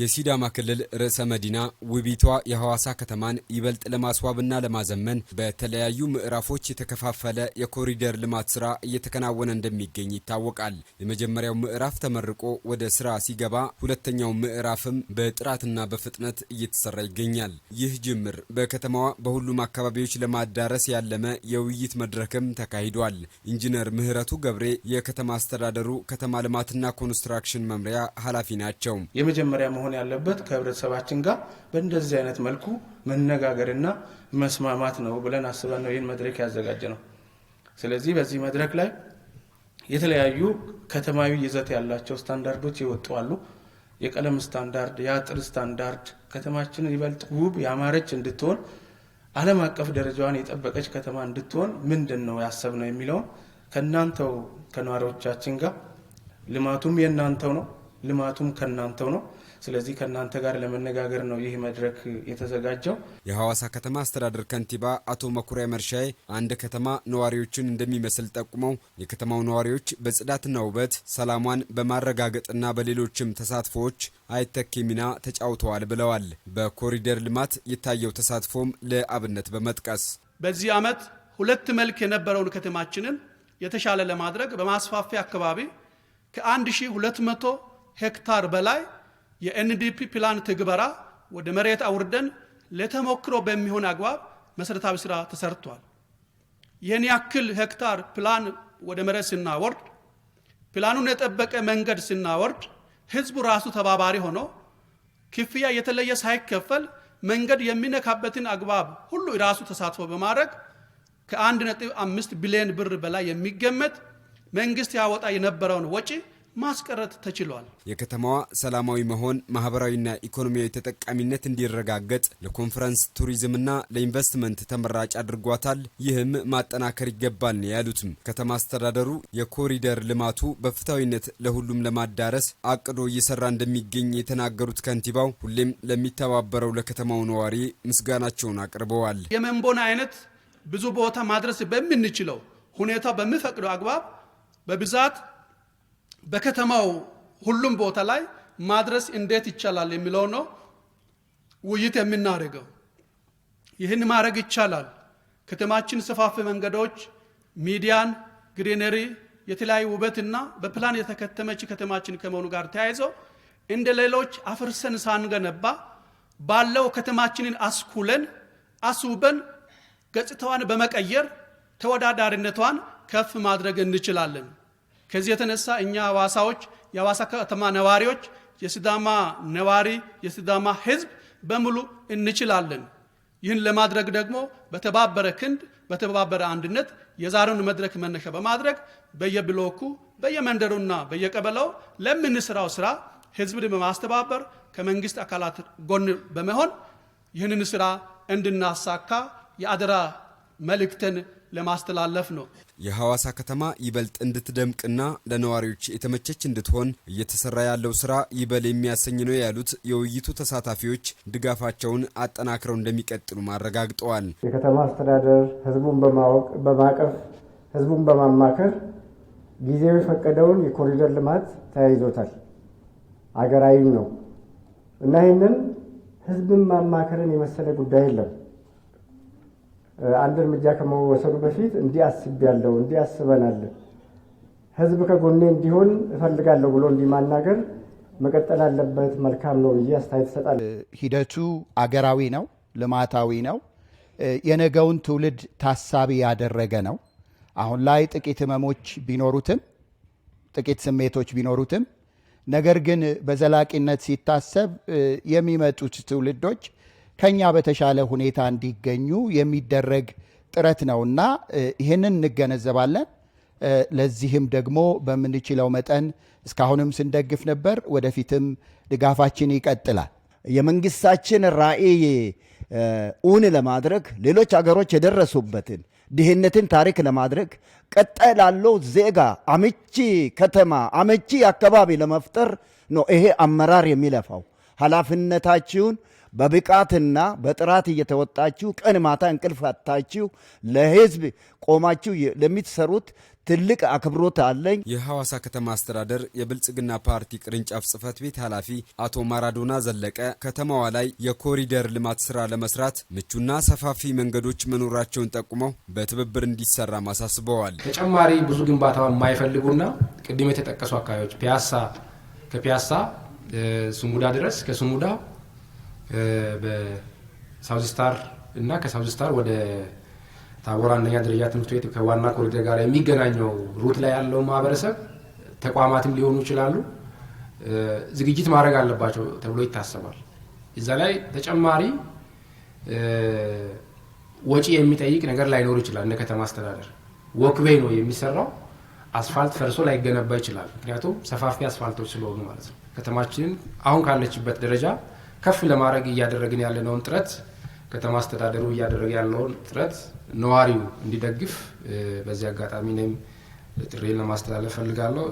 የሲዳማ ክልል ርዕሰ መዲና ውቢቷ የሐዋሳ ከተማን ይበልጥ ለማስዋብና ለማዘመን በተለያዩ ምዕራፎች የተከፋፈለ የኮሪደር ልማት ስራ እየተከናወነ እንደሚገኝ ይታወቃል። የመጀመሪያው ምዕራፍ ተመርቆ ወደ ስራ ሲገባ፣ ሁለተኛው ምዕራፍም በጥራትና በፍጥነት እየተሰራ ይገኛል። ይህ ጅምር በከተማዋ በሁሉም አካባቢዎች ለማዳረስ ያለመ የውይይት መድረክም ተካሂዷል። ኢንጂነር ምህረቱ ገብሬ የከተማ አስተዳደሩ ከተማ ልማትና ኮንስትራክሽን መምሪያ ኃላፊ ናቸው። የመጀመሪያ መሆን መሆን ያለበት ከህብረተሰባችን ጋር በእንደዚህ አይነት መልኩ መነጋገርና መስማማት ነው ብለን አስበን ነው ይህን መድረክ ያዘጋጀ ነው። ስለዚህ በዚህ መድረክ ላይ የተለያዩ ከተማዊ ይዘት ያላቸው ስታንዳርዶች ይወጡዋሉ። አሉ። የቀለም ስታንዳርድ፣ የአጥር ስታንዳርድ ከተማችንን ይበልጥ ውብ ያማረች እንድትሆን ዓለም አቀፍ ደረጃዋን የጠበቀች ከተማ እንድትሆን ምንድን ነው ያሰብ ነው የሚለውን ከእናንተው ከነዋሪዎቻችን ጋር ልማቱም የእናንተው ነው፣ ልማቱም ከእናንተው ነው። ስለዚህ ከእናንተ ጋር ለመነጋገር ነው ይህ መድረክ የተዘጋጀው። የሐዋሳ ከተማ አስተዳደር ከንቲባ አቶ መኩሪያ መርሻዬ አንድ ከተማ ነዋሪዎችን እንደሚመስል ጠቁመው የከተማው ነዋሪዎች በጽዳትና ውበት ሰላሟን በማረጋገጥና በሌሎችም ተሳትፎዎች አይተክ ሚና ተጫውተዋል ብለዋል። በኮሪደር ልማት የታየው ተሳትፎም ለአብነት በመጥቀስ በዚህ ዓመት ሁለት መልክ የነበረውን ከተማችንን የተሻለ ለማድረግ በማስፋፊያ አካባቢ ከ1200 ሄክታር በላይ የኤንዲፒ ፕላን ትግበራ ወደ መሬት አውርደን ለተሞክሮ በሚሆን አግባብ መሰረታዊ ስራ ተሰርቷል። ይህን ያክል ሄክታር ፕላን ወደ መሬት ስናወርድ፣ ፕላኑን የጠበቀ መንገድ ስናወርድ፣ ህዝቡ ራሱ ተባባሪ ሆኖ ክፍያ የተለየ ሳይከፈል መንገድ የሚነካበትን አግባብ ሁሉ ራሱ ተሳትፎ በማድረግ ከአንድ ነጥብ አምስት ቢሊዮን ብር በላይ የሚገመት መንግስት ያወጣ የነበረውን ወጪ ማስቀረት ተችሏል። የከተማዋ ሰላማዊ መሆን ማህበራዊና ኢኮኖሚያዊ ተጠቃሚነት እንዲረጋገጥ ለኮንፈረንስ ቱሪዝምና ለኢንቨስትመንት ተመራጭ አድርጓታል። ይህም ማጠናከር ይገባል ያሉትም ከተማ አስተዳደሩ የኮሪደር ልማቱ በፍትሐዊነት ለሁሉም ለማዳረስ አቅዶ እየሰራ እንደሚገኝ የተናገሩት ከንቲባው ሁሌም ለሚተባበረው ለከተማው ነዋሪ ምስጋናቸውን አቅርበዋል። የመንቦን አይነት ብዙ ቦታ ማድረስ በምንችለው ሁኔታ በሚፈቅደው አግባብ በብዛት በከተማው ሁሉም ቦታ ላይ ማድረስ እንዴት ይቻላል የሚለው ነው ውይይት የምናደርገው። ይህን ማድረግ ይቻላል። ከተማችን ሰፋፊ መንገዶች፣ ሚዲያን፣ ግሪነሪ፣ የተለያዩ ውበትና በፕላን የተከተመች ከተማችን ከመሆኑ ጋር ተያይዞ እንደ ሌሎች አፍርሰን ሳንገነባ ባለው ከተማችንን አስኩለን አስውበን ገጽታዋን በመቀየር ተወዳዳሪነቷን ከፍ ማድረግ እንችላለን። ከዚህ የተነሳ እኛ ሐዋሳዎች የዋሳ ከተማ ነዋሪዎች፣ የሲዳማ ነዋሪ፣ የሲዳማ ህዝብ በሙሉ እንችላለን። ይህን ለማድረግ ደግሞ በተባበረ ክንድ በተባበረ አንድነት የዛሬውን መድረክ መነሻ በማድረግ በየብሎኩ በየመንደሩና በየቀበለው ለምንስራው ስራ ህዝብን በማስተባበር ከመንግስት አካላት ጎን በመሆን ይህንን ስራ እንድናሳካ የአደራ መልእክተን ለማስተላለፍ ነው። የሐዋሳ ከተማ ይበልጥ እንድትደምቅና ለነዋሪዎች የተመቸች እንድትሆን እየተሰራ ያለው ስራ ይበል የሚያሰኝ ነው ያሉት የውይይቱ ተሳታፊዎች ድጋፋቸውን አጠናክረው እንደሚቀጥሉ አረጋግጠዋል። የከተማ አስተዳደር ህዝቡን በማወቅ በማቀፍ ህዝቡን በማማከር ጊዜው የፈቀደውን የኮሪደር ልማት ተያይዞታል። አገራዊም ነው እና ይህንን ህዝብን ማማከርን የመሰለ ጉዳይ የለም። አንድ እርምጃ ከመወሰዱ በፊት እንዲህ አስቤያለሁ፣ እንዲህ አስበናል፣ ህዝብ ከጎኔ እንዲሆን እፈልጋለሁ ብሎ እንዲህ ማናገር መቀጠል አለበት። መልካም ነው ብዬ አስተያየት ይሰጣል። ሂደቱ አገራዊ ነው፣ ልማታዊ ነው፣ የነገውን ትውልድ ታሳቢ ያደረገ ነው። አሁን ላይ ጥቂት ህመሞች ቢኖሩትም ጥቂት ስሜቶች ቢኖሩትም ነገር ግን በዘላቂነት ሲታሰብ የሚመጡት ትውልዶች ከኛ በተሻለ ሁኔታ እንዲገኙ የሚደረግ ጥረት ነውና ይህንን እንገነዘባለን። ለዚህም ደግሞ በምንችለው መጠን እስካሁንም ስንደግፍ ነበር። ወደፊትም ድጋፋችን ይቀጥላል። የመንግስታችን ራዕይ እውን ለማድረግ ሌሎች አገሮች የደረሱበትን ድህነትን ታሪክ ለማድረግ ቀጣይ ላለው ዜጋ አመቺ ከተማ፣ አመቺ አካባቢ ለመፍጠር ነው ይሄ አመራር የሚለፋው። ኃላፊነታችሁን በብቃትና በጥራት እየተወጣችሁ ቀን ማታ እንቅልፍ አታችሁ ለህዝብ ቆማችሁ ለሚትሰሩት ትልቅ አክብሮት አለኝ። የሐዋሳ ከተማ አስተዳደር የብልጽግና ፓርቲ ቅርንጫፍ ጽህፈት ቤት ኃላፊ አቶ ማራዶና ዘለቀ ከተማዋ ላይ የኮሪደር ልማት ስራ ለመስራት ምቹና ሰፋፊ መንገዶች መኖራቸውን ጠቁመው በትብብር እንዲሰራ ማሳስበዋል። ተጨማሪ ብዙ ግንባታውን የማይፈልጉና ቅድም የተጠቀሱ አካባቢዎች ፒያሳ ከፒያሳ ስሙዳ ድረስ ከስሙዳ በሳውዝ ስታር እና ከሳውዝ ስታር ወደ ታቦር አንደኛ ደረጃ ትምህርት ቤት ከዋና ኮሪደር ጋር የሚገናኘው ሩት ላይ ያለው ማህበረሰብ ተቋማትም ሊሆኑ ይችላሉ ዝግጅት ማድረግ አለባቸው ተብሎ ይታሰባል። እዛ ላይ ተጨማሪ ወጪ የሚጠይቅ ነገር ላይኖር ይችላል። እንደ ከተማ አስተዳደር ወክቤይ ነው የሚሰራው። አስፋልት ፈርሶ ላይገነባ ይችላል። ምክንያቱም ሰፋፊ አስፋልቶች ስለሆኑ ማለት ነው። ከተማችንን አሁን ካለችበት ደረጃ ከፍ ለማድረግ እያደረግን ያለነውን ጥረት ከተማ አስተዳደሩ እያደረገ ያለውን ጥረት ነዋሪው እንዲደግፍ በዚህ አጋጣሚ እኔም ጥሬን ለማስተላለፍ ፈልጋለሁ።